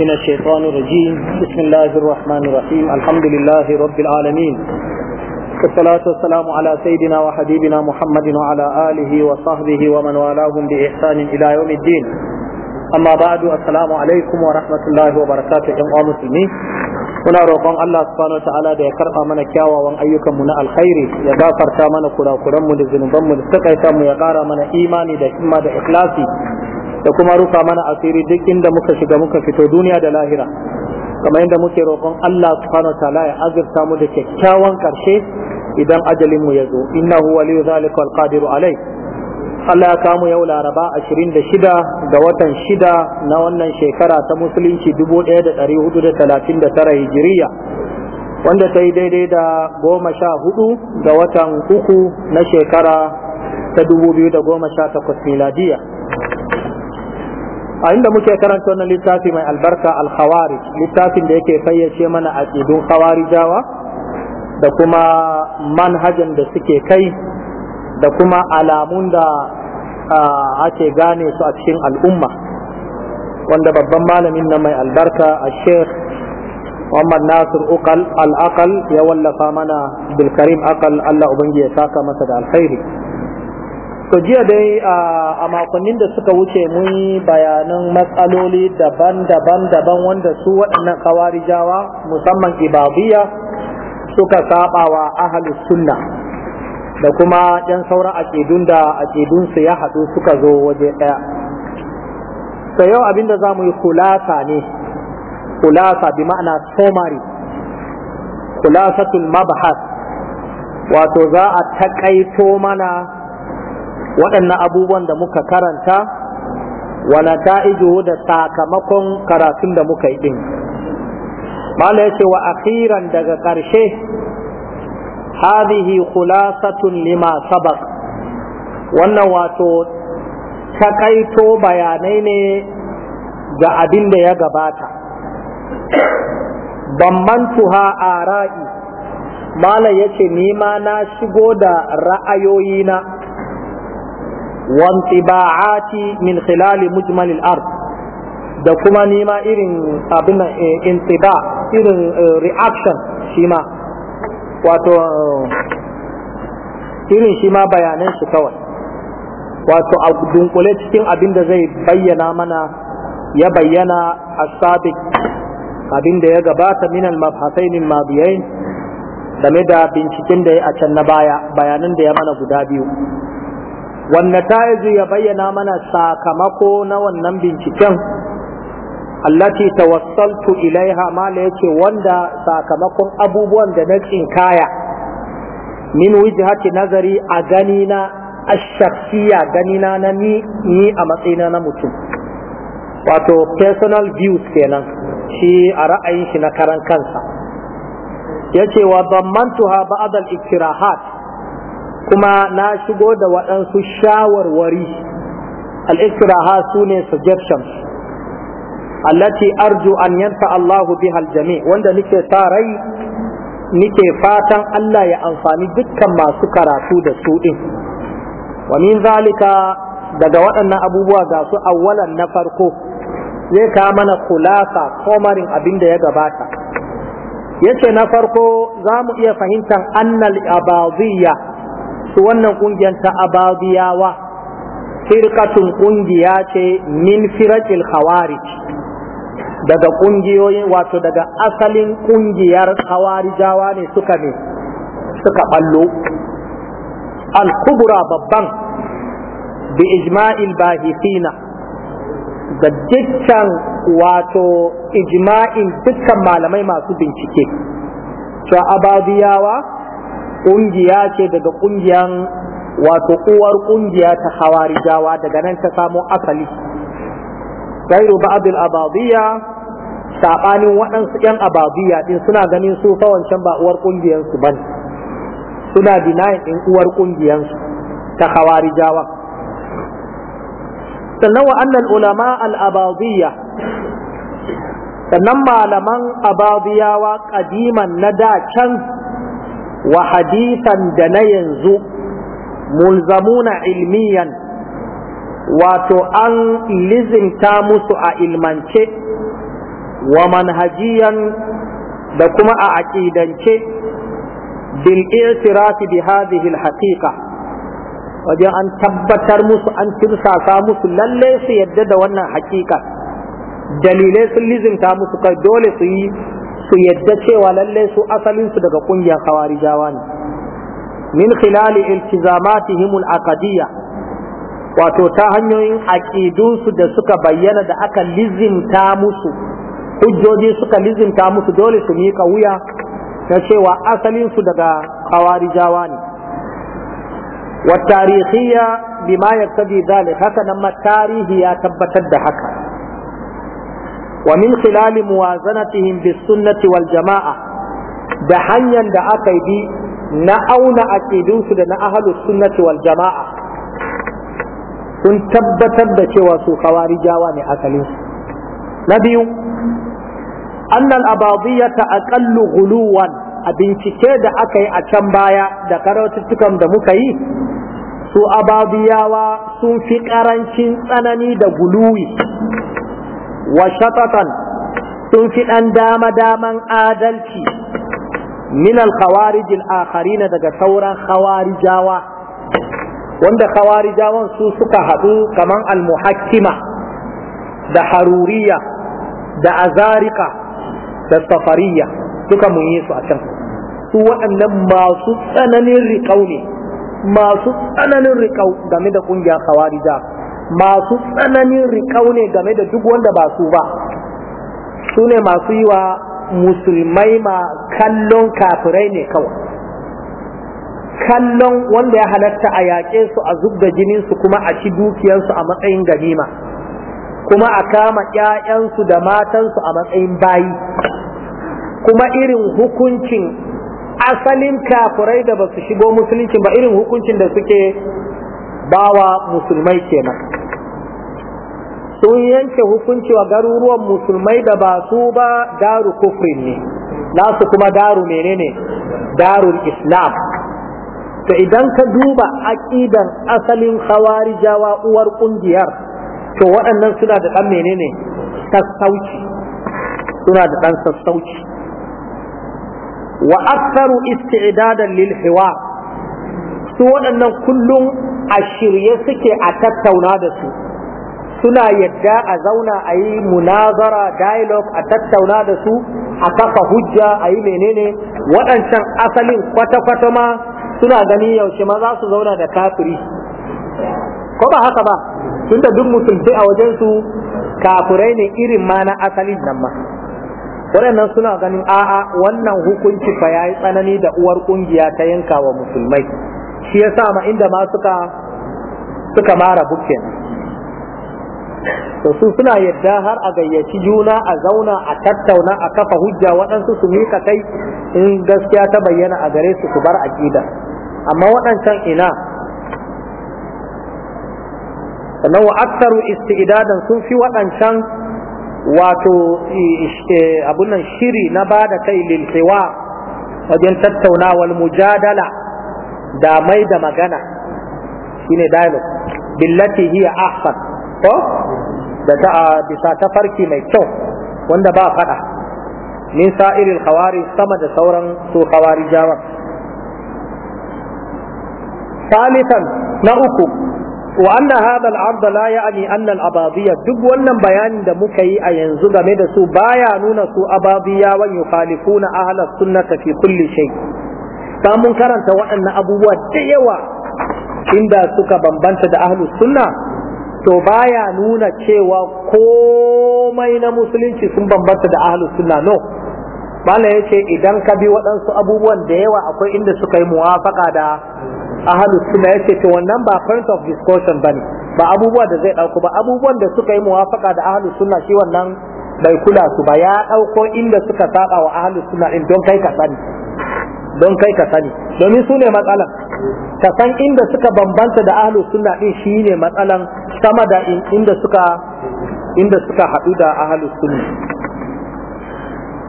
من الشيطان الرجيم بسم الله الرحمن الرحيم الحمد لله رب العالمين والصلاة والسلام على سيدنا وحبيبنا محمد وعلى آله وصحبه ومن والاهم بإحسان إلى يوم الدين أما بعد السلام عليكم ورحمة الله وبركاته جمع مسلمين muna roƙon Allah subhanahu wataala da ya karɓa mana kyawawan ayyukan mu na alkhairi ya gafarta mana kurakuran mu da zunuban mu da takaita mu ya ƙara mana imani da himma da ikhlasi da kuma rufa mana asiri duk inda muka shiga muka fito duniya da lahira kamar yadda muke roƙon Allah subhanahu ta'ala ya azurta mu da kyakkyawan karshe idan ajalin mu ya zo innahu waliyu zalika wal qadiru alai Allah ya kamu yau Laraba 26 ga watan 6 na wannan shekara ta musulunci 1439 Hijiriya wanda ta yi daidai da goma sha hudu ga watan uku na shekara ta 2018 miladiya a inda muke karanta wannan littafi mai albarka alkhawari littafin da yake fayyace mana aqidun khawarijawa da kuma manhajan da suke kai da kuma alamun da ake gane su a cikin al'umma wanda babban malamin nan mai albarka a sheikh Muhammad Nasir Uqal al-Aqal ya wallafa mana Bilkarim Karim Aqal Allah ubangi ya saka masa da alkhairi to jiya dai a makonnin da suka wuce mun yi bayanan matsaloli daban-daban daban wanda su waɗannan kawarijawa musamman ibabiya suka saba wa ahalus sunna da kuma ɗan sauran aƙidun da aƙidunsu ya haɗu suka zo waje ɗaya Sa yau abinda za mu yi kulasa ne kulasa bi ma'ana somari kulasatul mabhas wato za a taƙaito mana waɗannan abubuwan da muka karanta wala ta'ijuhu da sakamakon karatun da muka yi din mala yace wa akhiran daga ƙarshe hadhihi khulasatun lima sabaq wannan wato takaito bayanai ne ga abin da ya gabata bambantuha ara'i mala yace ni ma na shigo da ra'ayoyina wantiba'ati min khilali mujmalil ard da kuma nima irin abin eh, intiba irin eh, reaction shi ma wato eh, irin shi ma bayanan shi kawai wato a dunkule cikin abin da zai bayyana mana ya bayyana a sabik abin da ya gabata minal min mabiyai game da binciken da ya a can na baya bayanan da ya mana guda biyu wanne ta'izu ya bayyana mana sakamako na wannan binciken allati tawassaltu ilaiha mala yace wanda sakamakon abubuwan da na tsinkaya min wijhati nazari a na ashaksiya ganina na ni ni a matsayina na mutum wato personal views kenan shi a ra'ayin shi na karan kansa yace wa dammantuha ba'd al-iktirahat kuma na shigo da waɗansu shawarwari al su sune suggestions allati arju an yanta Allahu biha al wanda nike sa rai nike fatan Allah ya amfani dukkan masu karatu da su din wa min zalika daga waɗannan abubuwa ga su awwalan na farko zai ka mana kulasa komarin abin da ya gabata yace na farko za mu iya fahimtar annal abaziyya su wannan ƙungiyar ta ababiyawa firkatun ƙungiya ce min firatil khawarij daga ƙungiyoyin wato daga asalin ƙungiyar khawarijawa ne suka ne suka ballo al-kubra babban bi ijma'il bahithina da dukkan wato ijma'in dukkan malamai masu bincike to ababiyawa ƙungiya ce daga ƙungiyan wato uwar ƙungiya ta hawarijawa daga nan ta samo asali gairu ba'adul abadiyya saɓanin waɗansu 'yan abadiyya ɗin suna ganin su fa wancan ba uwar su ba suna dinayin ɗin uwar su ta hawarijawa sannan wa annal ulama al abadiyya sannan malaman ababiyawa ƙadiman na da can wa hadisan da na yanzu mulzamuna ilmiyan wato an lizinta musu a ilmance wa manhajiyan da kuma a aƙidance bil i'tirafi bi hadhihi al wajen an tabbatar musu an tirsasa musu lalle su yadda da wannan haƙiƙa dalilai sun lizinta musu kai dole su yi su yadda cewa lallai su asalin su daga kungiyar khawarijawa ne min khilali iltizamatihim himul wato ta hanyoyin aƙidunsu da suka bayyana da aka lizimta musu hujjoji suka lizimta musu dole su miƙa wuya na cewa asalin su daga khawarijawa ne wa tarihiyya bima yaqtadi dhalik haka nan ma tarihi ya tabbatar da haka ومن خلال موازنتهم بالسنة والجماعة da hanyar da aka bi na auna aƙidunsu da na ahalus sunnati wal sun tabbatar da cewa su kawari jawa ne asalinsu na biyu annal abadiyata aqallu guluwan a bincike da aka yi a can baya da karatuttukan da muka yi su ababiyawa sun fi ƙarancin tsanani da guluwi wa shatatan sun fi ɗan dama-daman adalci min alkhawarijin akharina daga sauran khawarijawa wanda khawarijawan su suka haɗu kaman almuhakkima da haruriya da azarika da safariya duka mun a can su waɗannan masu tsananin riƙau ne masu tsananin riƙau game da ƙungiyar khawarija masu tsananin riƙau ne game da duk wanda ba su ba su ne masu yi wa musulmai ma kallon kafirai ne kawai kallon wanda ya halatta a yaƙe su a zub jininsu kuma a ci dukiyarsu a matsayin ganima kuma a kama ƴaƴansu da matansu a matsayin bayi kuma irin hukuncin asalin kafirai da ba su shigo musulunci ba irin hukuncin da suke bawa musulmai kenan sun yanke hukunci wa garuruwan musulmai da ba su ba daru kufrin ne nasu kuma daru menene darul islam to idan ka duba aƙidar asalin khawarijawa uwar ƙungiyar to waɗannan suna da ɗan menene sassauci suna da ɗan sassauci wa aktaru isti'dadan lil hiwar su waɗannan kullum a shirye suke a tattauna da su suna yadda a zauna a yi munazara dialogue a tattauna da su a kafa hujja a yi menene waɗancan asalin kwata-kwata ma suna gani yaushe ma za su zauna da kafiri ko ba haka ba tunda duk musulmi a wajen su kafirai ne irin ma na asalin nan ma waɗannan suna ganin a'a wannan hukunci fa ya yi tsanani da uwar kungiya ta yanka wa musulmai shi ya sa ma inda ma suka mara bukken su suna yadda har a gayyaci juna a zauna a tattauna a kafa hujja waɗansu su mika kai in gaskiya ta bayyana a gare su su bar aƙida amma waɗancan ina sannan wa aktaru isti'idadan sun fi waɗancan wato abunan shiri na ba da kai lilfiwa wajen tattaunawar mujadala da mai da magana shine dialogue billati hiya ahsan ko da ta bisa ta farki mai kyau wanda ba fada min sa'iril khawari sama da sauran su khawari jawa ثالثا نأكم وأن هذا العرض لا يعني أن duk wannan bayanin da muka yi a yanzu game da su baya nuna su abadiya wa yukhalifuna ahla sunnati fi kulli shay' ta mun karanta waɗannan abubuwa da yawa inda suka bambanta da ahlus sunna to baya nuna cewa komai na musulunci sun bambanta da ahlus sunna no bala ya ce idan ka bi waɗansu abubuwan da yawa akwai inda suka yi muwafaka da ahlus sunna ya ce to wannan ba point of discussion bane ba abubuwa da zai ɗauko ba abubuwan da suka yi muwafaka da ahlu sunna shi wannan bai kula su ba ya ɗauko inda suka saba wa ahlus sunna in don kai ka sani don kai ka sani domin su ne matsalan ka san inda suka bambanta da ahlus sunna din shine matsalan sama da inda suka inda suka haɗu da ahlus sunna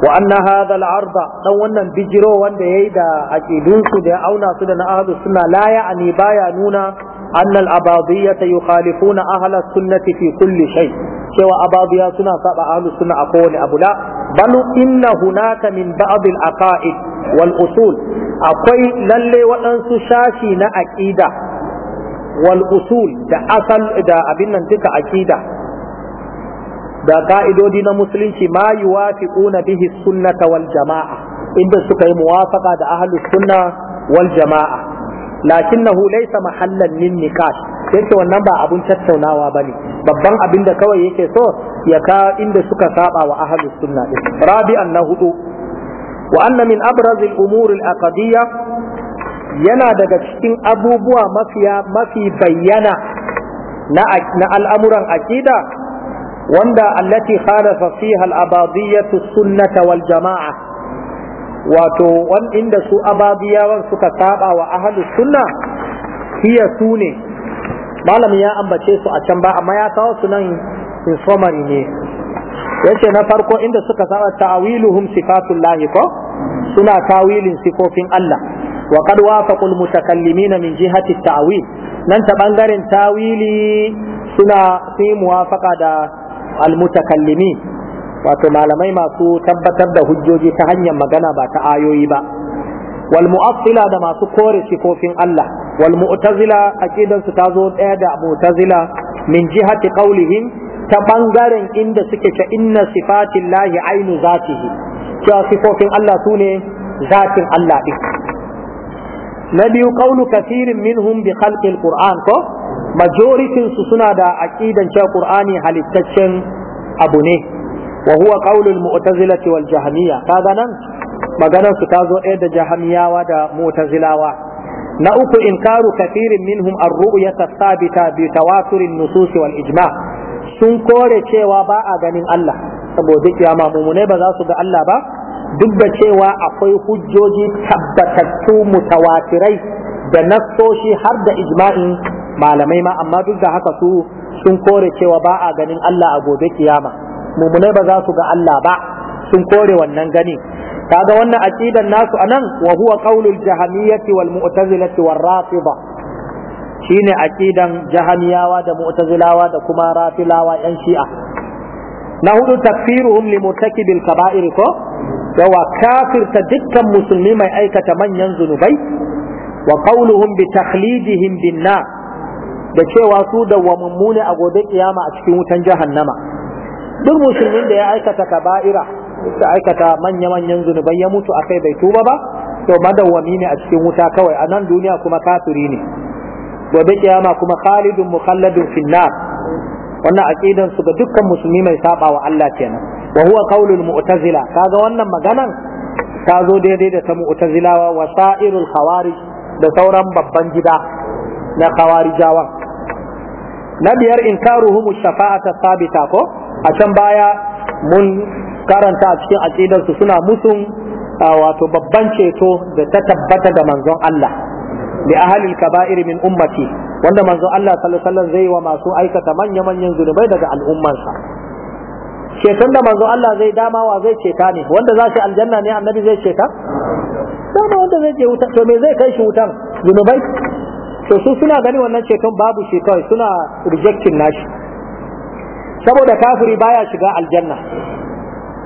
wa anna hadha al-arda dan wannan bijiro wanda yayi da aqidun su da auna su da na ahlu sunna la ya'ni baya nuna anna al-abadiyya yukhalifuna ahlus sunnati fi kulli shay cewa abadiya suna saba ahlus sunna a kowane abu la bal inna hunaka min ba'd al-aqaid Wal'usul akwai lalle waɗansu sashi na aqida wal da asal da abin nan duka aqida da ka'idodi na musulunci ma yuwafiquna bihi sunnata wal jama'a inda suka yi muwafaqa da ahlus sunna wal jama'a lakinnahu laysa mahallan lin nikash yake wannan ba abun tattaunawa ba ne, babban abin da kawai yake so ya ka inda suka saɓa wa ahlus sunna din rabi'an na hudu wa anna min abraz al-umur al yana daga cikin abubuwa mafi bayyana na al'amuran aƙida, wanda allati khalafa fiha al-abadiyyatu jama'a wato inda su abadiyawan suka saba wa ahlus sunna hiya sune malam ya ambace su a can ba amma ya kawo su nan in summary ne yace na farko inda suka saba ta'awiluhum sifatullahi ko suna tawilin sifofin Allah wa qad wafaqa al-mutakallimina min jihati at-ta'wil nan ta bangaren tawili suna sai muwafaqa da al-mutakallimin wato malamai masu tabbatar da hujjoji ta hanyar magana ba ta ayoyi ba wal mu'attila da masu kore sifofin Allah wal mu'tazila aqidan su zo daya da mu'tazila min jihati qawlihim ta bangaren inda suke ta inna sifatillahi ainu zatihi cewa sifofin Allah su ne Allah ɗin na biyu kaulu kasirin minhum bi khalqil qur'an ko majoritin su suna da aƙidan cewa qur'ani halittaccen abu ne wa huwa qaulul mu'tazilati wal jahmiyya kaga nan maganar su ta zo ɗaya da jahamiyawa da mutazilawa na uku inkaru kafirin minhum ar-ru'ya sabita bi tawaturin nususi wal ijma sun kore cewa ba a ganin Allah saboda kiyama mumune ba za su ga Allah ba duk da cewa akwai hujjoji tabbatattu mutawatirai da nassoshi har da ijma'in malamai ma amma duk da haka su sun kore cewa ba a ganin Allah a gobe kiyama mumune ba za su ga Allah ba sun kore wannan gani kaga wannan aqidan nasu anan wa huwa qaulul jahamiyyati wal mu'tazilati war rafida shine aqidan jahamiyawa da mu'tazilawa da kuma rafilawa yan shi'a na hudu takfiruhum li murtakibil kaba'ir ko yawa kafirta dukkan musulmi mai aikata manyan zunubai wa qawluhum bi takhlidihim bin da cewa su da wa mummune a gobe kiyama a cikin wutan jahannama duk musulmin da ya aikata kaba'ira da aikata manya-manyan zunubai ya mutu akai bai tuba ba to madawwami ne a cikin wuta kawai a nan duniya kuma kafiri ne gobe kiyama kuma khalidun mukhalladun finnar wannan aqidan su ga dukkan musulmi mai saba wa Allah kenan wa huwa qaulul mu'tazila kaga wannan maganan ta zo daidai da ta mutazila wa sa'irul khawarij da sauran babban gida na khawarijawa na biyar inkaruhum shafa'ata sabita ko a can baya mun karanta a cikin aqidar su suna musun wato babban ceto da ta tabbata da manzon Allah li ahli al-kaba'ir min ummati wanda manzon Allah sallallahu alaihi wasallam zai wa masu aikata manya-manyan zunubai daga al'ummarsa ceton da manzon Allah zai dama wa zai ceta ne wanda za shi aljanna ne annabi zai ceta dama wanda zai je wuta to me zai kai shi wutan zunubai to su suna gani wannan ceton babu shi kawai suna rejecting nashi saboda kafiri baya shiga aljanna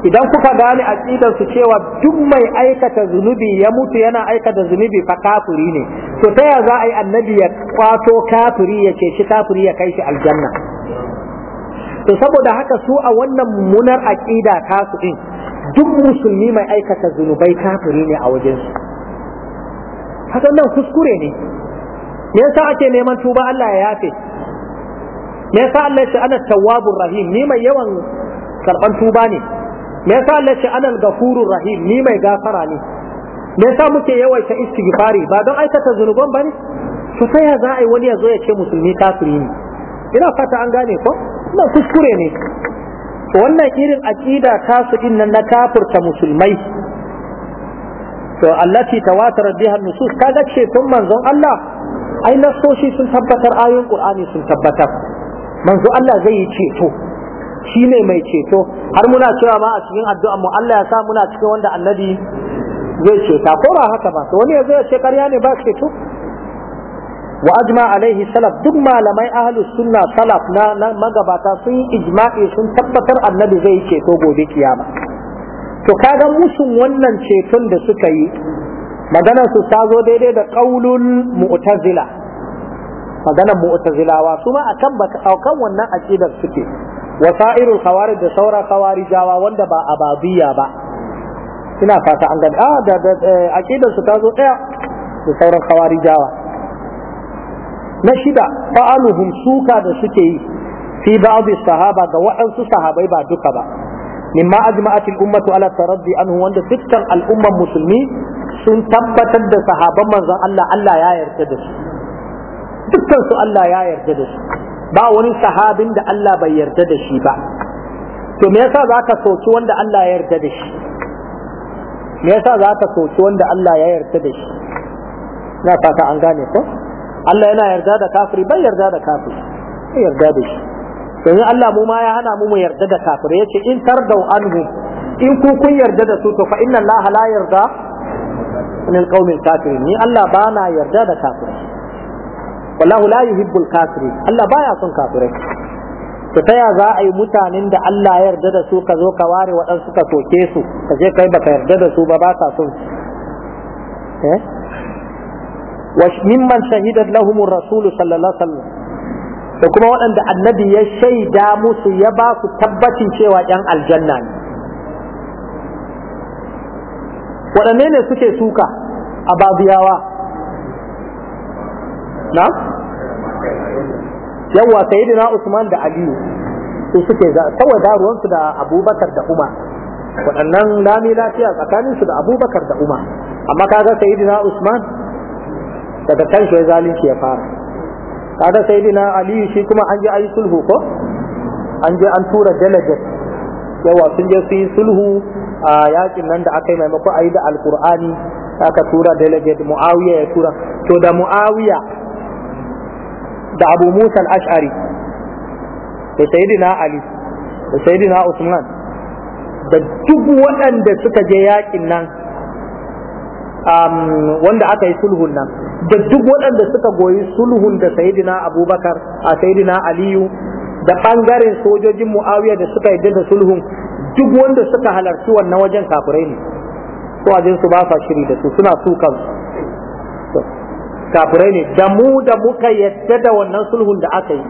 idan kuka gane a su cewa duk mai aikata zunubi ya mutu yana aikata zunubi fa kafiri ne to ta ya za a yi annabi ya kwato kafiri ya ce shi kafiri ya kai shi aljanna to saboda haka su a wannan munar aqida kasu din duk musulmi mai aikata zunubai kafiri ne a wajen su haka nan kuskure ne me yasa ake neman tuba Allah ya yafe me yasa Allah ya ce ana tawwabur rahim ni mai yawan karban tuba ne me yasa Allah ce anal gafurur rahim ni mai gafara ne me yasa muke yawaita istighfari ba don aikata zunuban bane to sai ya za a yi wani ya zo ya ce musulmi kafiri ne ina fata an gane ko ina kuskure ne wannan irin aqida tasu din nan na kafirta musulmai to allati tawatarat biha nusus kaga ce tun manzon Allah ai nasoshi sun tabbatar ayoyin Qur'ani sun tabbatar manzo Allah zai yi ceto shi ne mai ceto har muna cewa ma a cikin addu'an mu Allah ya sa muna cikin wanda annabi zai ceta ko ba haka ba wani ya zai ce ƙarya ne ba ceto wa ajma alaihi salaf duk malamai ahli sunna salaf na magabata sun yi ijma'i sun tabbatar annabi zai ceto gobe kiyama to kaga musun wannan ceton da suka yi maganar su ta zo daidai da qaulul mu'tazila maganar mu'tazilawa su ma akan akan wannan aqidar suke wa sa'irul khawarij da saura khawarijawa wanda ba ababiyya ba ina fata an gani ah da eh, aqidar su ta zo daya da sauran jawa. na shida fa'aluhum suka da suke yi fi ba'd sahaba ga waɗansu sahabai ba duka ba mimma ajma'at al-ummah ala taraddi anhu wanda dukkan al'umman musulmi sun tabbatar da sahaban manzon Allah Allah ya yarda da su dukkan su Allah ya yarda da su ba wani sahabin da Allah bai yarda da shi ba to me yasa zaka soki wanda Allah ya yarda da shi me yasa zaka soki wanda Allah ya yarda da shi na fata an gane ko Allah yana yarda da kafiri bai yarda da kafiri bai yarda da shi yanzu Allah mu ma ya hana mu mu yarda da kafiri yace in tardau anhu in ku kun yarda da su to fa inna Allah la yarda min qaumil kafirin ni Allah bana yarda da kafiri wallahu la hibbul kafirin Allah baya son kafirai to ta ya za a yi mutanen da Allah ya yarda da su ka zo ka ware waɗansu ka soke su ka je kai baka yarda da su ba ba ka son su eh mimman shahidat lahum rasul sallallahu alaihi wasallam da kuma waɗanda annabi ya shaida musu ya ba su tabbacin cewa 'yan aljanna ne waɗanne ne suke suka a babiyawa na yawa sayyidina usman da aliyu su suke za saboda ruwansu da abubakar da umar waɗannan lami lafiya tsakanin su da abubakar da umar amma kaga sayyidina usman daga kan shi zalunci ya fara kaga sayyidina aliyu shi kuma an je ayi sulhu ko an je an tura delegate yawa sun je su yi sulhu a yakin nan da aka yi maimakon a yi da alkur'ani aka tura delegate muawiya ya tura to da muawiya da abu musa al-ash'ari da sayyidina ali da sayyidina usman da duk waɗanda suka je yakin nan um, wanda aka yi sulhun nan da duk waɗanda suka goyi sulhun da sayyidina abubakar a sayyidina aliyu da ɓangaren sojojin mu'awiya da suka yi da sulhun duk wanda suka halarci wannan wajen kafurai ne su su ba sa shiri da su suna su kansu kafirai ne da mu da muka yadda da wannan sulhun da aka yi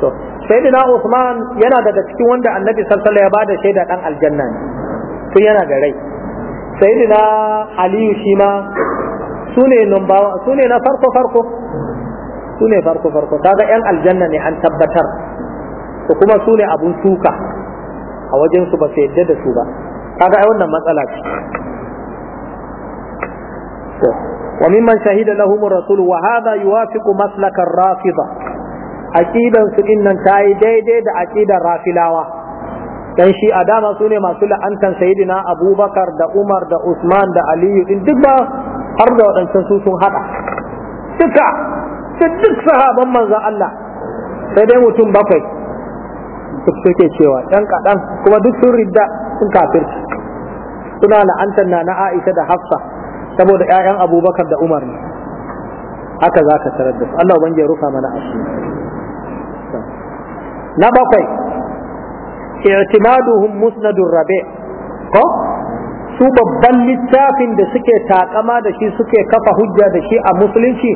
to sayyidina Usman yana daga cikin wanda annabi sallallahu alaihi wasallam ya bada shaida dan aljanna ne tun yana da rai Sai sayyidina Ali shi ma sune numba sune na farko farko sune farko farko kaga yan aljanna ne an tabbatar to kuma sune abun suka a wajen su ba su yadda da su ba kaga ai wannan matsala ce وممن شهد لهم الرسول وهذا يوافق مسلك الرافضة عقيدا سئنا تاي دي دي دا عقيدا رافلاوة dan shi a dama su ne masu la'antar sayidina abubakar da umar da usman da aliyu din duk ba har da waɗancan su sun haɗa duka duk sahaban manzan Allah sai dai mutum bakwai duk suke cewa ɗan kaɗan kuma duk sun ridda sun kafirci suna la'antar na na Aisha da Hafsa saboda ƴaƴan abubakar da umar ne haka za ka tarar da su Allah ubangiji ya rufa mana asiri na bakwai i'timaduhum musnadur rabi' ko su babban littafin da suke takama da shi suke kafa hujja da shi a musulunci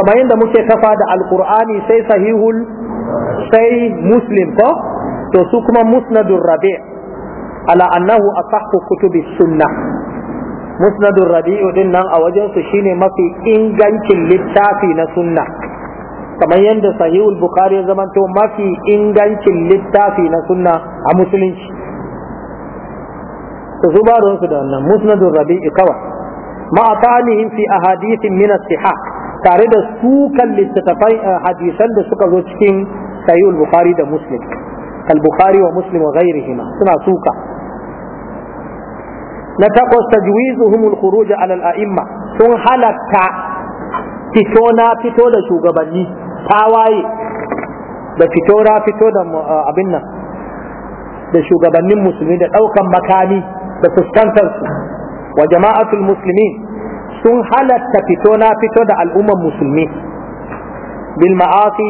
kamar yadda muke kafa da alkur'ani sai sahihul sai muslim ko to su kuma musnadur rabi ala annahu asahhu kutubi sunna musnadun rabi'u din nan a wajensu shine mafi ingancin littafi na sunna kamar yadda sahihul bukhari ya zamanto mafi ingancin littafi na sunna a musulunci su su baronsu da wannan musnadun rabi'u kawa ma'a ta'anihim fi ahadithin min as-siha tare da sukan littattafai eh, hadisan da suka zo cikin sahihul bukhari da muslim al-bukhari wa muslim wa ghairihima suna suka na takwas tajwizuhum al-khuruj ala al-a'imma sun halatta fito na fito da shugabanni tawaye da fito na fito da abin nan da shugabannin musulmi da daukan makami da fuskantar su wa jama'atul muslimin sun halatta fito na fito da al'umman musulmi bil ma'asi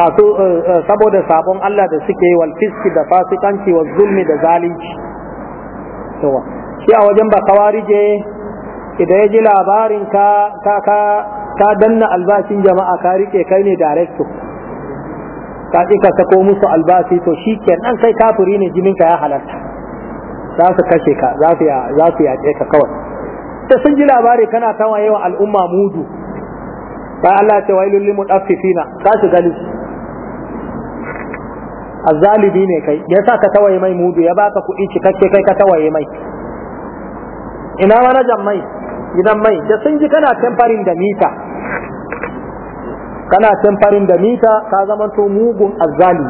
masu saboda sabon Allah da suke wal fiski da fasikanci wa zulmi da zalunci shi a wajen ba kawarije idan ya ji labarin ka ka ka ka danna albashin jama'a ka rike kai ne director ka ka sako musu albashi to shi ke kenan kai kafiri ne jinin ka ya halarta za su kashe ka za su za su yace ka kawai sai sun ji labari kana tawa yawa al'umma mudu ba Allah ce wailul lil mudaffifina ka su gali azzalibi ne kai me yasa ka tawaye mai mudu ya baka kuɗi cikakke kai ka tawaye mai ina manajan mai gidan mai da sun ji kana temfarin da mita kana temfarin da mita ka zama to mugun azali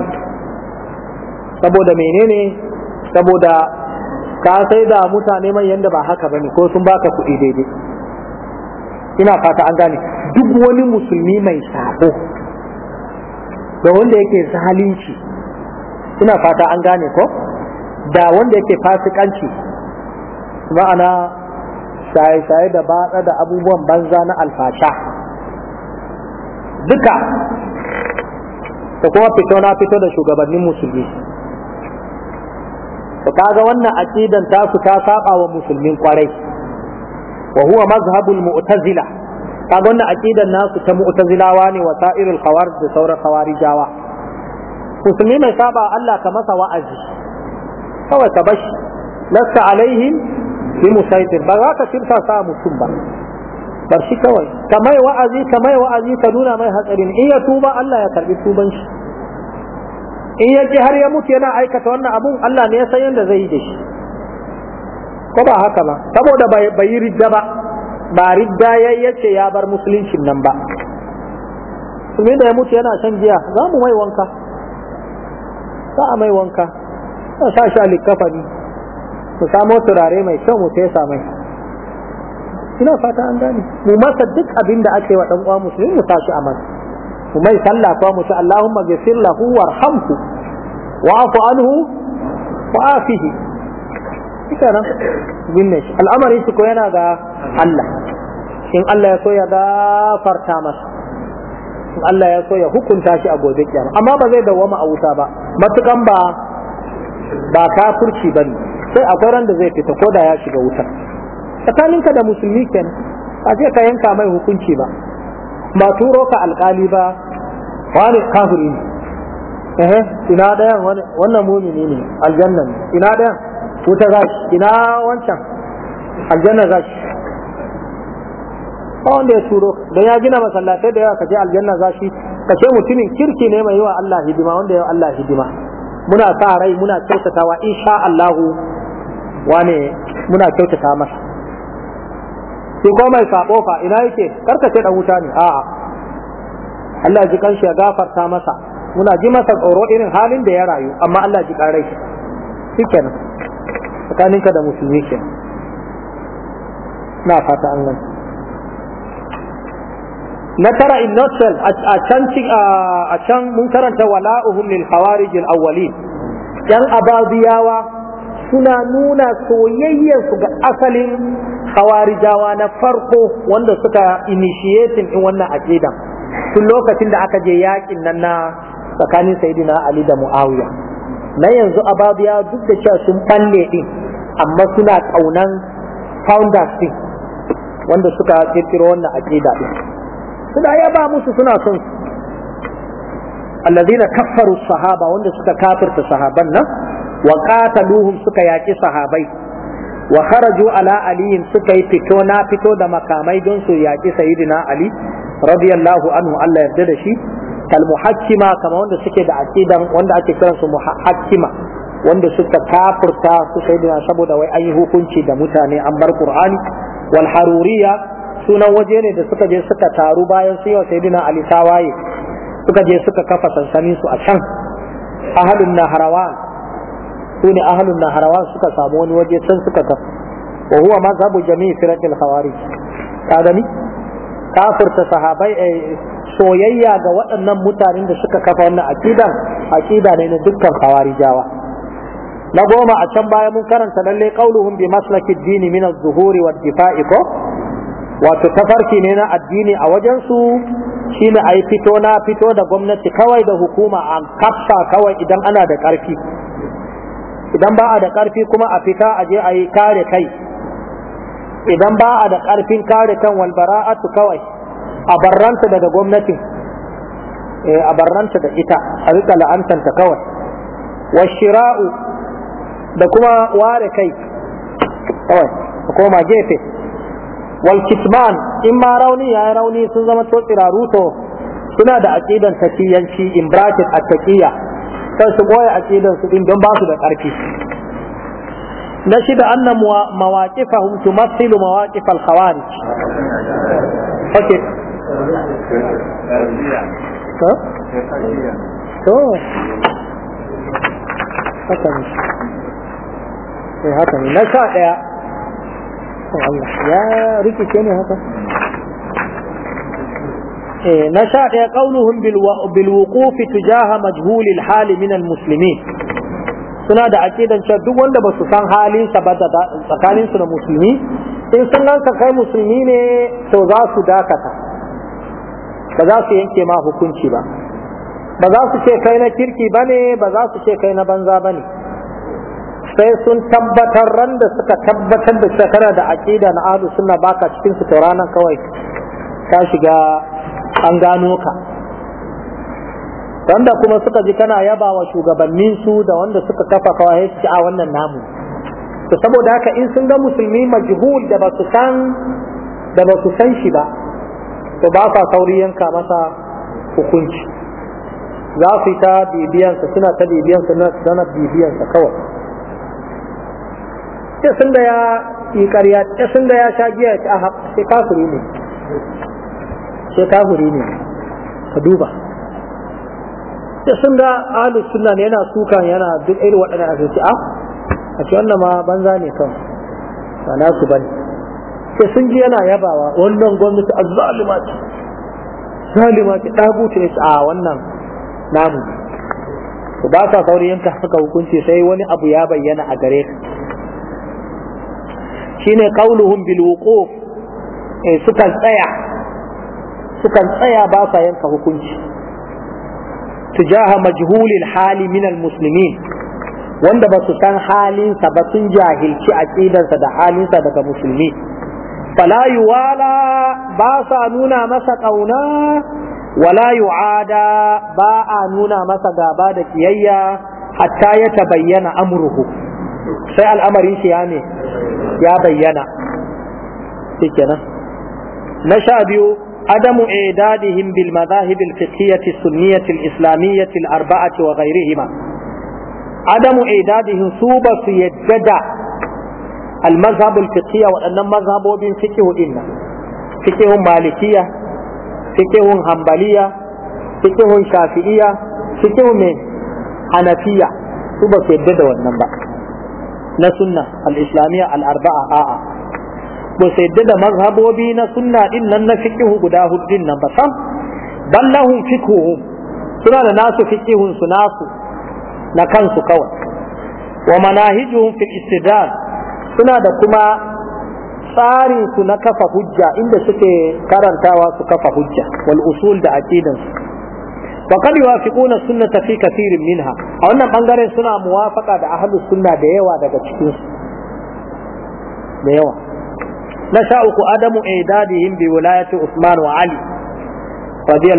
saboda menene saboda ka sai da mutane mai yanda ba haka bane ko sun baka kuɗi daidai ina fata an gane duk wani musulmi mai sabo da wanda yake zalunci ina fata an gane ko da wanda yake fasikanci ma'ana shaye-shaye da batsa da abubuwan banza na alfasha duka da kuma fito na fito da shugabannin musulmi ta kaga wannan aqidan ta su ta saba wa musulmin kwarai wa huwa mazhabul mu'tazila kaga wannan aqidan nasu ta mu'tazilawa ne wa sa'irul khawarij da sauran khawarijawa musulmi mai saba Allah ka masa wa'azi kawai ka bashi lasta alaihim bi musaitir ba za ka tirsa sa mutum ba bar shi kawai ka mai wa'azi ka mai wa'azi ka mai hatsarin in ya tuba Allah ya karbi tuban in ya ji har ya mutu yana aikata wannan abun Allah ne ya san yadda zai yi da shi ko ba haka ba saboda bai yi ridda ba ba ridda ya yace ya bar musuluncin nan ba kuma da ya mutu yana shan giya za mu mai wanka a mai wanka sa shi a likafani mu samo turare mai kyau mu fesa mai ina fata an gane mu masa duk abin da ake wa dan uwa musulmi mu tashi a masa mu mai sallah ko mu ce Allahumma ghfir lahu warhamhu wa'fu anhu wa'afihi ita nan binne shi al'amari su ko yana ga Allah in Allah ya so ya gafarta masa in Allah ya so ya hukunta shi a gobe kiyama amma ba zai dawwama a wuta ba matukan ba ba kafirci bane sai akwai ran da zai fita ko da ya shiga wuta tsakaninka da musulmi kenan ba sai ka yanka mai hukunci ba ba turo ka alkali ba wani kafiri ne eh ina dayan wannan mumini ne aljanna ne ina dayan wuta za shi ina wancan aljanna za shi wanda ya turo da ya gina masallatai da yawa ka je aljanna za shi ka ce mutumin kirki ne mai yi wa Allah hidima wanda ya Allah hidima muna sa rai muna kyautatawa insha Allahu wane muna kyautata masa shi ko mai sabo fa ina yake karkace dan wuta ne a'a Allah ji kanshi ya gafarta masa muna ji masa tsoro irin halin da ya rayu amma Allah ji karai shi shikenan tsakaninka da musulmi kenan na fata an gani na tara in nutshell a can a can mun karanta wala'uhum lil khawarij al awwalin yan ababiyawa suna nuna soyayyarsu ga asalin hawarijawa na farko wanda suka initiating in wannan aqidan tun lokacin da aka je yakin nan na tsakanin saidina ali da muawiya na yanzu abadiya duk da cewa sun balle din amma suna kaunan founders din wanda suka kirkiro wannan aqida din suna yaba musu suna son su alladhina kaffaru sahaba wanda suka kafirta sahaban nan wa qataluhum suka yaki sahabai wa kharaju ala aliyin suka yi fito na fito da makamai don su yaki sayyidina ali radiyallahu anhu Allah yarda da shi kal muhakkima kama wanda suke da aqidan wanda ake kiran su muhakkima wanda suka kafurta su sayyidina saboda wai an yi hukunci da mutane an bar qur'ani wal haruriya sunan waje ne da suka je suka taru bayan su yau sayyidina ali tawaye suka je suka kafa sansanin su a can ahalun naharawan su ne ahalun naharawan suka samu wani waje sun suka kafa wa huwa mazhabu jami'i firaqil khawarij ka gani kafirta sahabai eh, soyayya ga waɗannan mutanen da suka kafa wannan aqidan aqida ne na dukkan khawarijawa na goma a can baya mun karanta lalle qauluhum bi maslakid dini min az-zuhuri wad-difa'i ko wato tafarki ne na addini a wajen su shine ai fito na fito da gwamnati kawai da hukuma a kafa kawai idan ana da karfi idan ba a da ƙarfi kuma a fita a je a yi kare kai idan ba a da ƙarfin kare kan walbara'atu kawai a barranta daga gwamnatin eh, a barranta da ita a rika la'antanta kawai washira'u da kuma ware kai kawai a koma gefe walkitman in ma rauni ya yi rauni sun zama to tsiraru to suna da aƙidan tafiyanci in bracket a taƙiyya sai su goya aqidan su din don ba su da karfi na shida anna mawaqifahum tumathilu mawaqif al-khawarij okay to haka ne eh, haka ne na sha Allah ya rikice ne haka Eh, na sha ɗaya ƙaunuhun bilwukufi tujaha majhulil hali minal musulmi suna da aƙidan cewa duk wanda ba su san halin sa ba tsakaninsu da musulmi in sun ganka kai musulmi ne to za su dakata ba za su yanke ma hukunci ba ba za su ce kai na kirki ba ne ba za su ce kai na banza ba ne sai sun tabbatar ran da suka tabbatar da shekara da aƙida na adu suna baka cikin su to ranar kawai ka shiga an gano ka wanda kuma suka ji kana yaba wa shugabanninsu da wanda suka kafa kawai a wannan namu to saboda haka in sun ga musulmi majhul da ba su san da ba su san shi ba to ba sa sauri yanka masa hukunci za su ta bibiyan su suna ta bibiyan bibiyansa bibiyan sa kawai sai sun da ya yi ƙarya sai sun da ya sha giya ta ahab sai kafiri ne sai kafiri ne ka duba da sun ga ahli suna ne yana suka yana duk irin waɗannan a Sai ah a ce wannan ma banza ne kan ba na su bane sai sun ji yana yabawa wannan gwamnati azzalima ce zalima ce dagutu ne a ah, wannan namu to ba ka saurin yanka haka hukunci sai wani abu ya bayyana a gare ka shine kauluhum bil wuquf eh, suka tsaya sukan tsaya ba sa yanka hukunci tujaha majhulil hali minal muslimin wanda ba su san halinsa ba sun jahilci aqidarsa da halinsa daga musulmi fala yuwala ba sa nuna masa kauna wala yu'ada ba a nuna masa gaba da kiyayya hatta ya tabayyana amruhu sai al'amarin shi ya ne ya bayyana shikenan na sha biyu عدم إعدادهم بالمذاهب الفقهية السنية الإسلامية الأربعة وغيرهما عدم إعدادهم سوبة يجدع المذهب الفقهية وأن المذهب وبين فقه إن فقه مالكية فقه حنبلية فقه شافعية فقه من حنفية صوبة يجدع والنبأ na sunna al-islamiyya al-arba'a ba sai da mazhabobi na sunna din nan na fiqhu guda hudu nan ba sam bal lahum suna da nasu fiqhun su na kansu kawai wa manahijuhum fi istidad suna da kuma tsari su na kafa hujja inda suke karantawa su kafa hujja wal usul da aqidan su wa qad yuwafiquna sunnata fi kathirin minha a wannan bangaren suna muwafaqa da ahlus sunna da yawa daga cikin su da yawa na sha uku adamu idadihim bi wilayati Usman wa Ali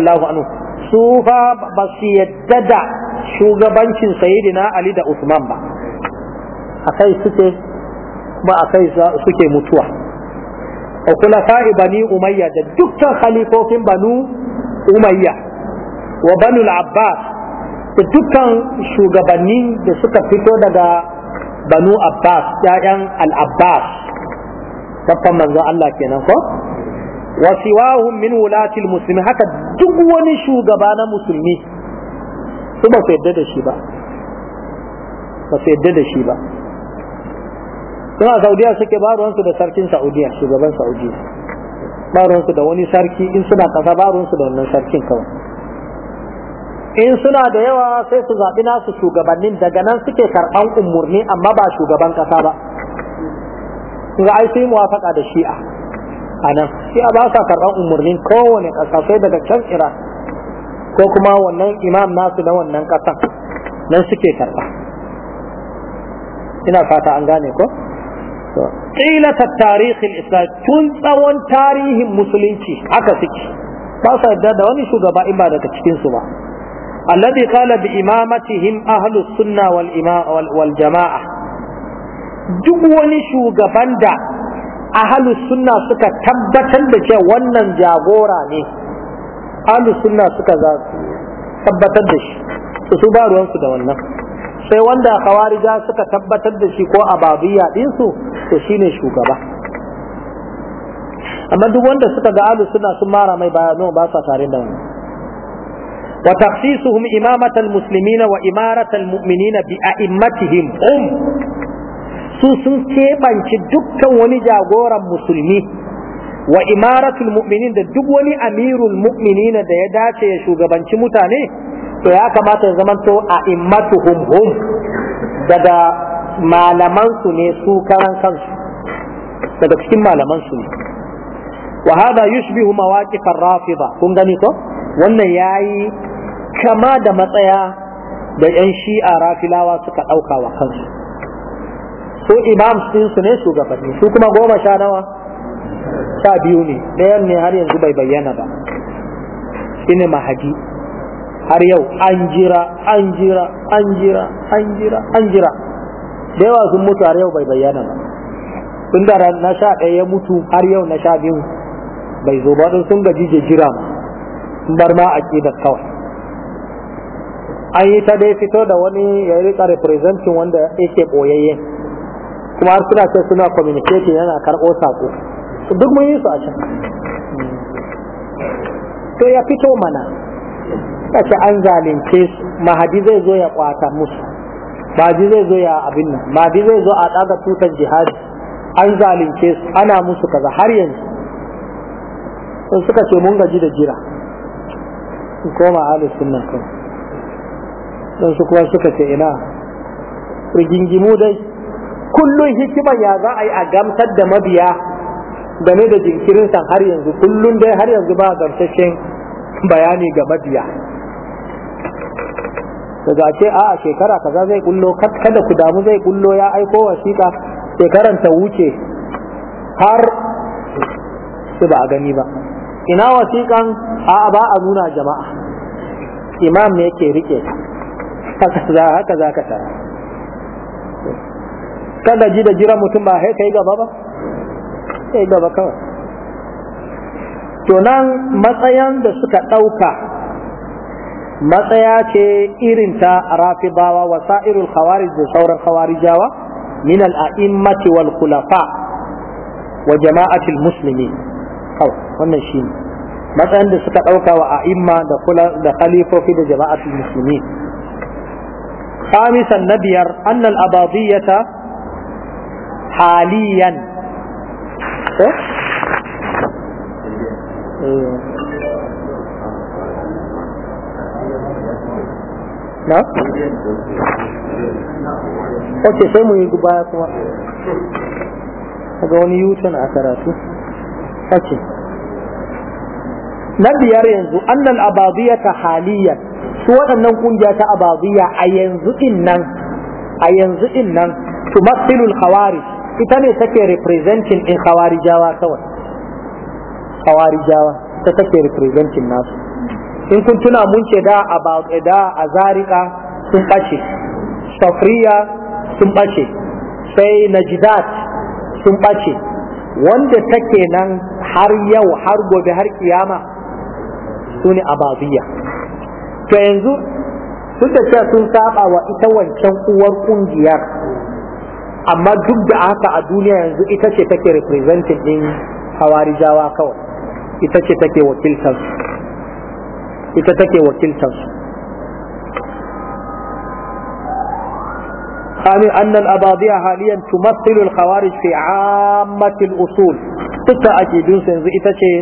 anhu su fa ba su yadda da shugabancin sayyidina Ali da Usman ba akai suke mutuwa wa khulafa'i bani umayya da dukkan khalifofin banu umayya wa banu abbas da dukkan shugabannin da suka fito daga banu abbas 'ya'yan al-abbas saffan manzon Allah kenan ko wa siwahum min wulati almuslimin haka duk wani shugaba na musulmi su ba su yadda da shi ba ba su yadda da shi ba suna saudiya suke ba ruwansu da sarkin saudiya shugaban saudiya ba ruwansu da wani sarki in suna kasa ba ruwansu da wannan sarkin kawai in suna da yawa sai su zaɓi nasu shugabannin daga nan suke karɓan umarni amma ba shugaban ƙasa ba kuma ai sai muwafaka da shi'a a nan shi'a ba sa karɓar umarnin kowane ƙasa sai daga can iraq ko kuma wannan imam nasu na wannan ƙasan nan suke karɓa ina fata an gane ko qilata tarihin islam tun tsawon tarihin musulunci haka suke ba sa yadda da wani shugaba in ba daga cikinsu ba alladhi qala bi imamatihim ahlus sunna wal wal jama'a duk wani shugaban da ahalus sunna suka tabbatar da cewa wannan jagora ne ahalus sunna suka tabbatar da shi su su ba ruwansu da wannan sai wanda kawarija suka tabbatar da shi ko ababiyya ɗinsu to shine shugaba amma duk wanda suka ga ahlus sunna sun mara mai baya ba sa tare da wannan wa taqsisuhum imamata almuslimina wa imarata almu'minina bi a'immatihim hum su sun keɓanci dukkan wani jagoran musulmi wa imaratul mu'minin da duk wani amirul mu'minina da ya dace ya shugabanci mutane to ya kamata zamanto a immatuhum hum daga malamansu ne su karan kansu daga cikin malamansu ne wa hada yushbihu mawaqifar rafida kun gani to? wannan yayi kama da matsaya da yan shi'a rafilawa suka dauka wa kansu su imam sun su ne shugabanni su kuma goma sha nawa sha biyu ne ɗayan ne har yanzu bai bayyana ba ne mahadi har yau an jira an jira an jira an jira an jira da yawa sun mutu har yau bai bayyana ba tun da na sha ɗaya ya mutu har yau na sha biyu bai zo ba sun gaji je jira ma sun bar ma a da kawai an yi ta dai fito da wani ya rika representin wanda yake ɓoyayye kuma har suna ce suna communicating yana karɓo sako duk mun yi su a can sai ya fito mana ta ce an zalunce su mahadi zai zo ya kwata musu mahadi zai zo ya abin nan mahadi zai zo a ɗaga tutar jihadi an zalunce su ana musu kaza har yanzu sun suka ce mun gaji da jira In koma ahlus sunna kan don su kuma suka ce ina rigingimu dai kullun hikimar ya za a yi a gamsar da mabiya game da jinkirin san har yanzu kullun dai har yanzu ba gamsashen bayani ga mabiya daga ce a shekara kaza zai kullo kada ku damu zai kullo ya aiko wasiƙa shekaran ta wuce har su ba a gani ba ina wasiƙan a ba a nuna jama'a imam ne yake rike haka za ka tara ka gaji da jiran mutum ba sai kai gaba ba kai gaba kawai Tunan nan matsayan da suka ɗauka matsaya ce irin ta rafidawa wa sa'irul khawarij da sauran khawarijawa min al-a'immati wal khulafa wa jama'atul muslimin kawai wannan shine matsayin da suka ɗauka wa a'imma da kula da khalifofi da jama'atul muslimin خامسا نبير أن الأباضية haliyan eh? na? ok sai mu yi kuma wani yutun a karatu ok na biyar yanzu annan abadiyya ta haliyan su waɗannan ƙungiya ta abadiyya a yanzu innan nan a yanzu din nan tumathilul khawarij ita ne take representing in khawarijawa kawai khawarijawa ta take representing nasu in kun tuna mun ce da about da azarika sun bace safriya sun bace sai najdat sun bace wanda take nan har yau har gobe har kiyama su ne ababiya to yanzu sun ta sun saba wa ita wancan uwar kungiyar amma duk da haka a duniya yanzu ita ce take representing din Jawa kawai ita ce take wakiltar ita take wakiltar ثاني أن الأباضية حاليا تمثل الخوارج في عامة الأصول تتأكدون سنزو إتشي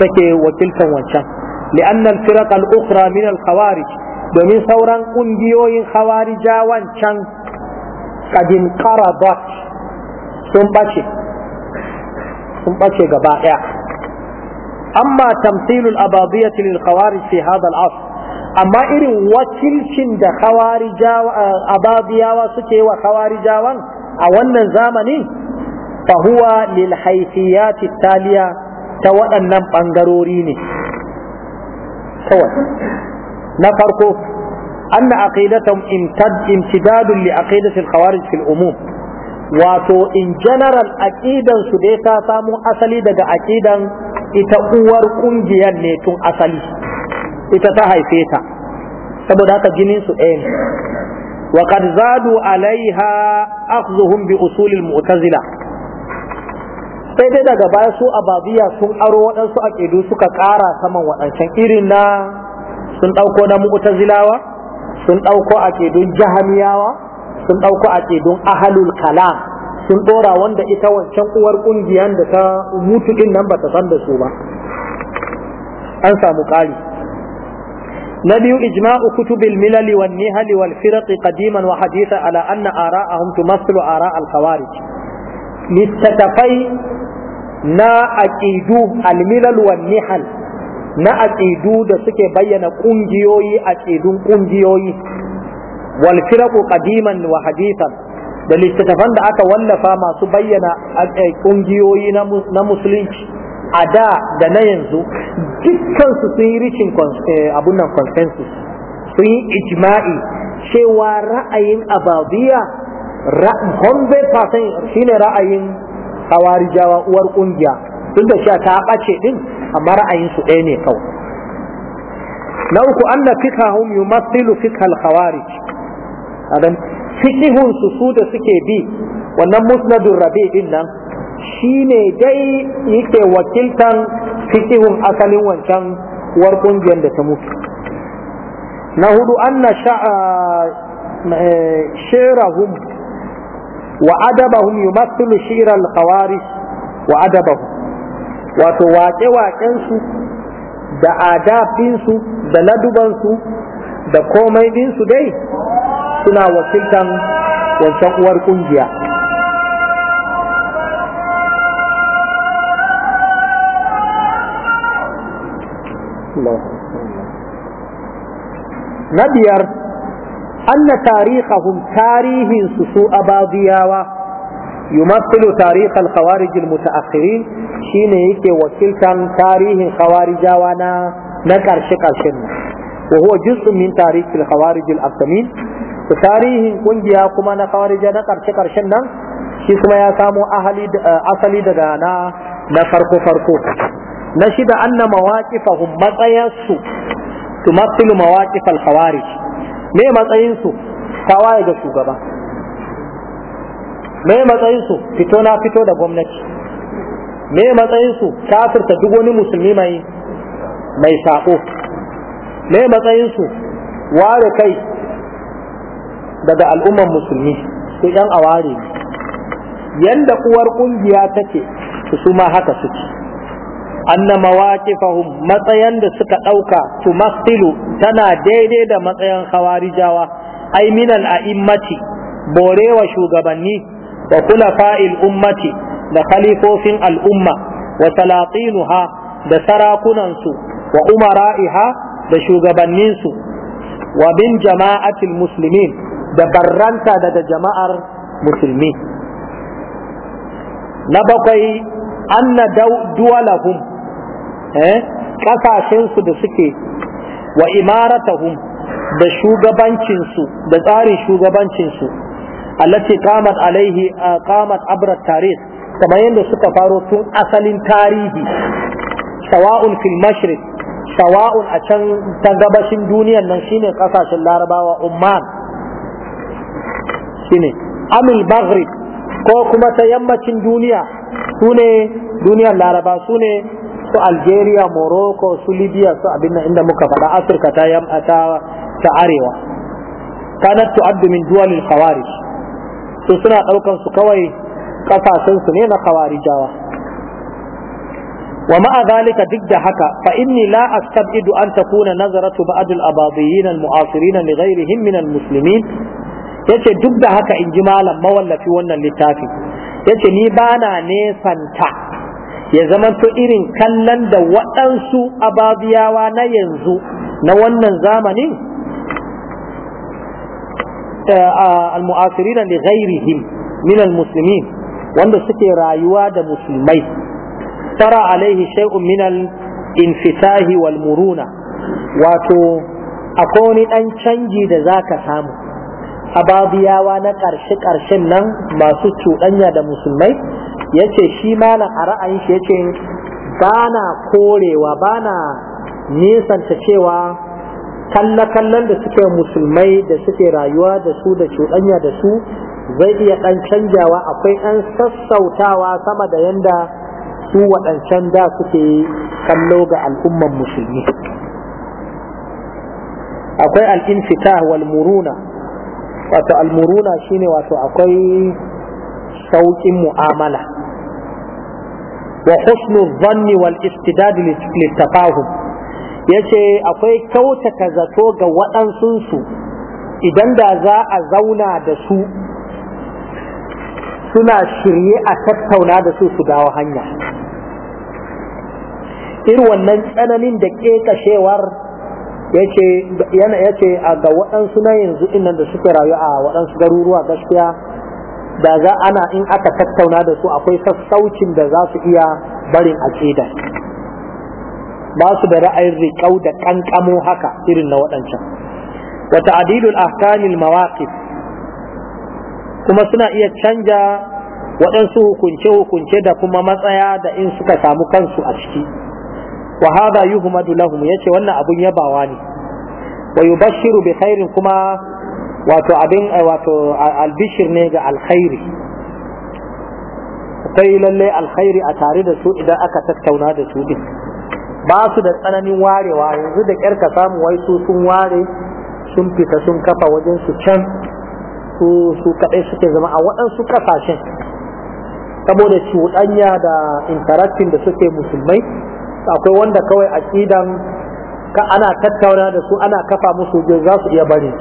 تكي وتلك وانشان لأن الفرق الأخرى من الخوارج domin sauran ƙungiyoyin hawarija wancan kadin qaradat sun bace sun bace gaba daya amma tamthilul abadiyati lil khawarij fi hadha al asr amma irin wakilcin da khawarijawa ababiyawa suke wa khawarijawan a wannan zamanin fa huwa lil haythiyati taliya ta waɗannan bangarori ne kawai na farko anna aqidatahum imtidadun li aqidati al-khawarij fil wato in general aqidan su dai ta samu asali daga aƙidan ita uwar kungiyar ne tun asali ita ta haife ta saboda haka jinin su ɗaya ne wa qad zadu alaiha akhdhuhum bi usul al-mu'tazila sai dai daga baya su a babiya sun aro waɗansu aƙidu suka ƙara saman waɗancan irin na sun ɗauko na mu'tazilawa sun ɗauko aƙidun jahamiyawa sun ɗauko aƙidun ahalul kalam sun ɗora wanda ita wancan uwar ƙungiyar da ta mutu ɗin nan ba ta san da su ba an samu ƙari na biyu ijma'u kutubil milali wan nihali wal firaqi qadiman wa haditha ala anna ara'ahum tumathilu ara al khawarij littattafai na aqidu al milal wa nihal na aƙidu da suke bayyana kungiyoyi aqidun kungiyoyi wal firaqu qadiman wa hadithan da littattafan da aka wallafa masu bayyana ƙungiyoyi eh, na musulunci a da da na yanzu su sun yi rishin eh, abun nan consensus sun yi ijma'i cewa ra'ayin ababiya ra'ayin shine ra'ayin hawarijawa uwar ƙungiya. duk da cewa ta ɓace din amma ra'ayin su ɗaya ne kawai na uku anna fikahum yumathilu fikhal khawarij adan fikihun su su da suke bi wannan musnadur rabi din nan shine dai yake wakiltan fikihun asalin wancan war kungiyar da ta mutu na hudu anna shi'rahum eh, wa adabahum yumathilu shi'ral khawarij wa adabahum wato waƙe-waƙensu da adabinsu da ladubansu da komai dinsu dai suna wakiltan wancan uwar ƙungiya na biyar an na tarihahun tarihinsu su ababiyawa yumassilu tarikh al-khawarij al-mutaakhirin shine yake wakiltar tarihin khawarijawa na na karshe karshen wa huwa juz'un min tarikh al-khawarij al-afsamin tarihin ƙungiya kuma na khawarija na karshe karshen nan shi kuma ya samo ahali asali daga na na farko farko na shida anna mawaqifahum matsayansu tumassilu mawaqif al-khawarij me matsayin su tawaye ga shugaba me matsayin su fito na fito da gwamnati me matsayin su kafirta duk wani musulmi mai mai sako me matsayin su ware kai daga al'umman musulmi su yan aware yanda uwar kungiya take su ma haka suke anna mawaqifahum matsayan da suka dauka mastilu tana daidai da matsayin khawarijawa ai minal a'immati borewa shugabanni wa khulafa'il ummati da khalifofin al'umma wa salatinuha da sarakunansu wa umara'iha da shugabanninsu wa bin jama'atil muslimin da barranta daga jama'ar musulmi na bakwai anna duwalahum eh kasashensu da suke wa imaratahum da shugabancinsu da tsarin shugabancinsu allati qamat alaihi qamat abra tarikh kamar yadda suka faru tun asalin tarihi sawa'un fil mashriq sawa'un a can ta gabashin duniyan nan shine kasashen larabawa umman shine amil maghrib ko kuma ta yammacin duniya sune duniyar laraba sune su algeria morocco su libya su abin inda muka faɗa afirka ta yamma ta arewa kanat tu'addu min duwalil khawarij su suna ɗaukar su kawai kasashen su ne na khawarijawa wa ma'a zalika duk da haka fa inni la astab'idu an takuna nazaratu ba'd al-abadiyyin al-mu'asirin li ghayrihim min al-muslimin yace duk da haka in ji malam mawallafi wannan littafi yace ni bana nesanta ya zamanto irin kallon da waɗansu ababiyawa na yanzu na wannan zamanin al-mu'asirin li ghairihim min wanda suke rayuwa da musulmai tara alaihi shay'un min al-infitahi wal muruna wato akwai wani dan canji da zaka samu ababiyawa na ƙarshe karshen nan masu cuɗanya da musulmai yace shi malam a ra'ayin shi yace bana korewa bana nisan ta cewa kallakallan da suke musulmai da suke rayuwa da su da cuɗanya da su zai iya ɗan canjawa akwai ɗan sassautawa sama da yanda su waɗancan da suke kallo ga al'umman musulmi akwai al'infita wal muruna wato almuruna shine wato akwai sauƙin mu'amala wa husnu zanni wal istidad litafahum yace akwai kyautata zato ga waɗansunsu idan da za a zauna da su suna shirye a tattauna da su su dawo hanya irin wannan tsananin da ƙeƙashewar yace ga waɗansu na yanzu inan da suke rayu a waɗansu garuruwa gaskiya da za ana in aka tattauna da su akwai sassaucin da za su iya barin aƙidar ba su da ra'ayin riƙau da ƙanƙamo haka irin na waɗancan wa ta'dilul ahkamil mawaqif kuma suna iya canja waɗansu hukunce-hukunce da kuma matsaya da in suka samu kansu a ciki wa hadha yuhmadu lahum yace wannan abun yabawa ne wa yubashshiru bi khairin kuma wato abin wato albishir ne ga alkhairi akwai lalle alkhairi a tare da su idan aka tattauna da su din ba su da tsananin warewa yanzu da ƙyar ka samu wai su sun ware sun fita sun kafa wajen su can su su kaɗai suke zama a waɗansu ƙasashen saboda cuɗanya da interacting da suke musulmai akwai wanda kawai aƙidan ka ana tattauna da su ana kafa musu za su iya bari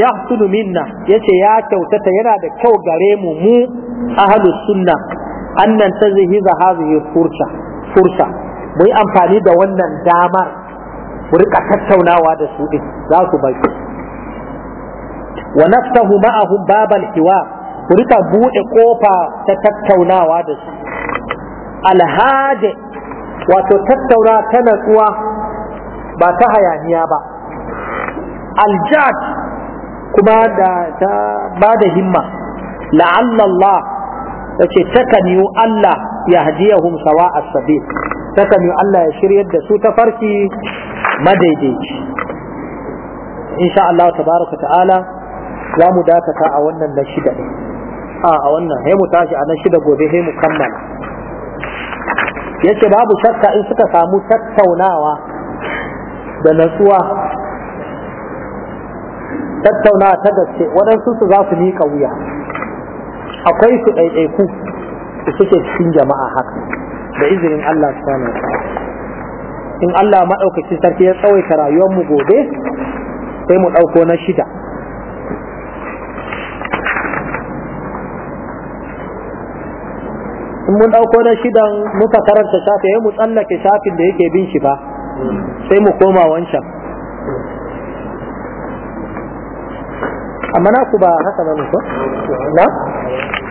ya sunu minna ya ce ya kyautata yana da kyau gare mu mu ahalus sunna annan ta zihiza hazihi fursa fursa mu yi amfani da wannan damar mu rika tattaunawa da su din za su bai wa naftahu ma'ahum babal hiwa ku rika bude kofa ta tattaunawa da su alhaji wato tattauna ta natsuwa ba ta hayaniya ba aljad kuma da ta ba da himma la'allallah yace takan yu Allah yahdiyahum sawa as-sabil takan yu Allah ya shiryar da su ta farki madaidaici insha Allah tabaraka ta'ala za mu dakata a wannan na shida ne a a wannan sai mu tashi a na shida gobe sai mu kammala yace babu shakka in suka samu tattaunawa da natsuwa tattaunawa ta gaske waɗansu su za su miƙa wuya akwai su ɗaiɗaiku da suke cikin jama'a haka da izinin Allah su wa ta'ala in Allah maɗaukacin sarki ya tsawaita rayuwar mu gobe sai mu ɗauko na shida in mun ɗauko na shidan muka karanta shafi ya mu tsallake shafin da yake bin shi ba sai mu koma wancan amma na ku ba haka ba ne ko na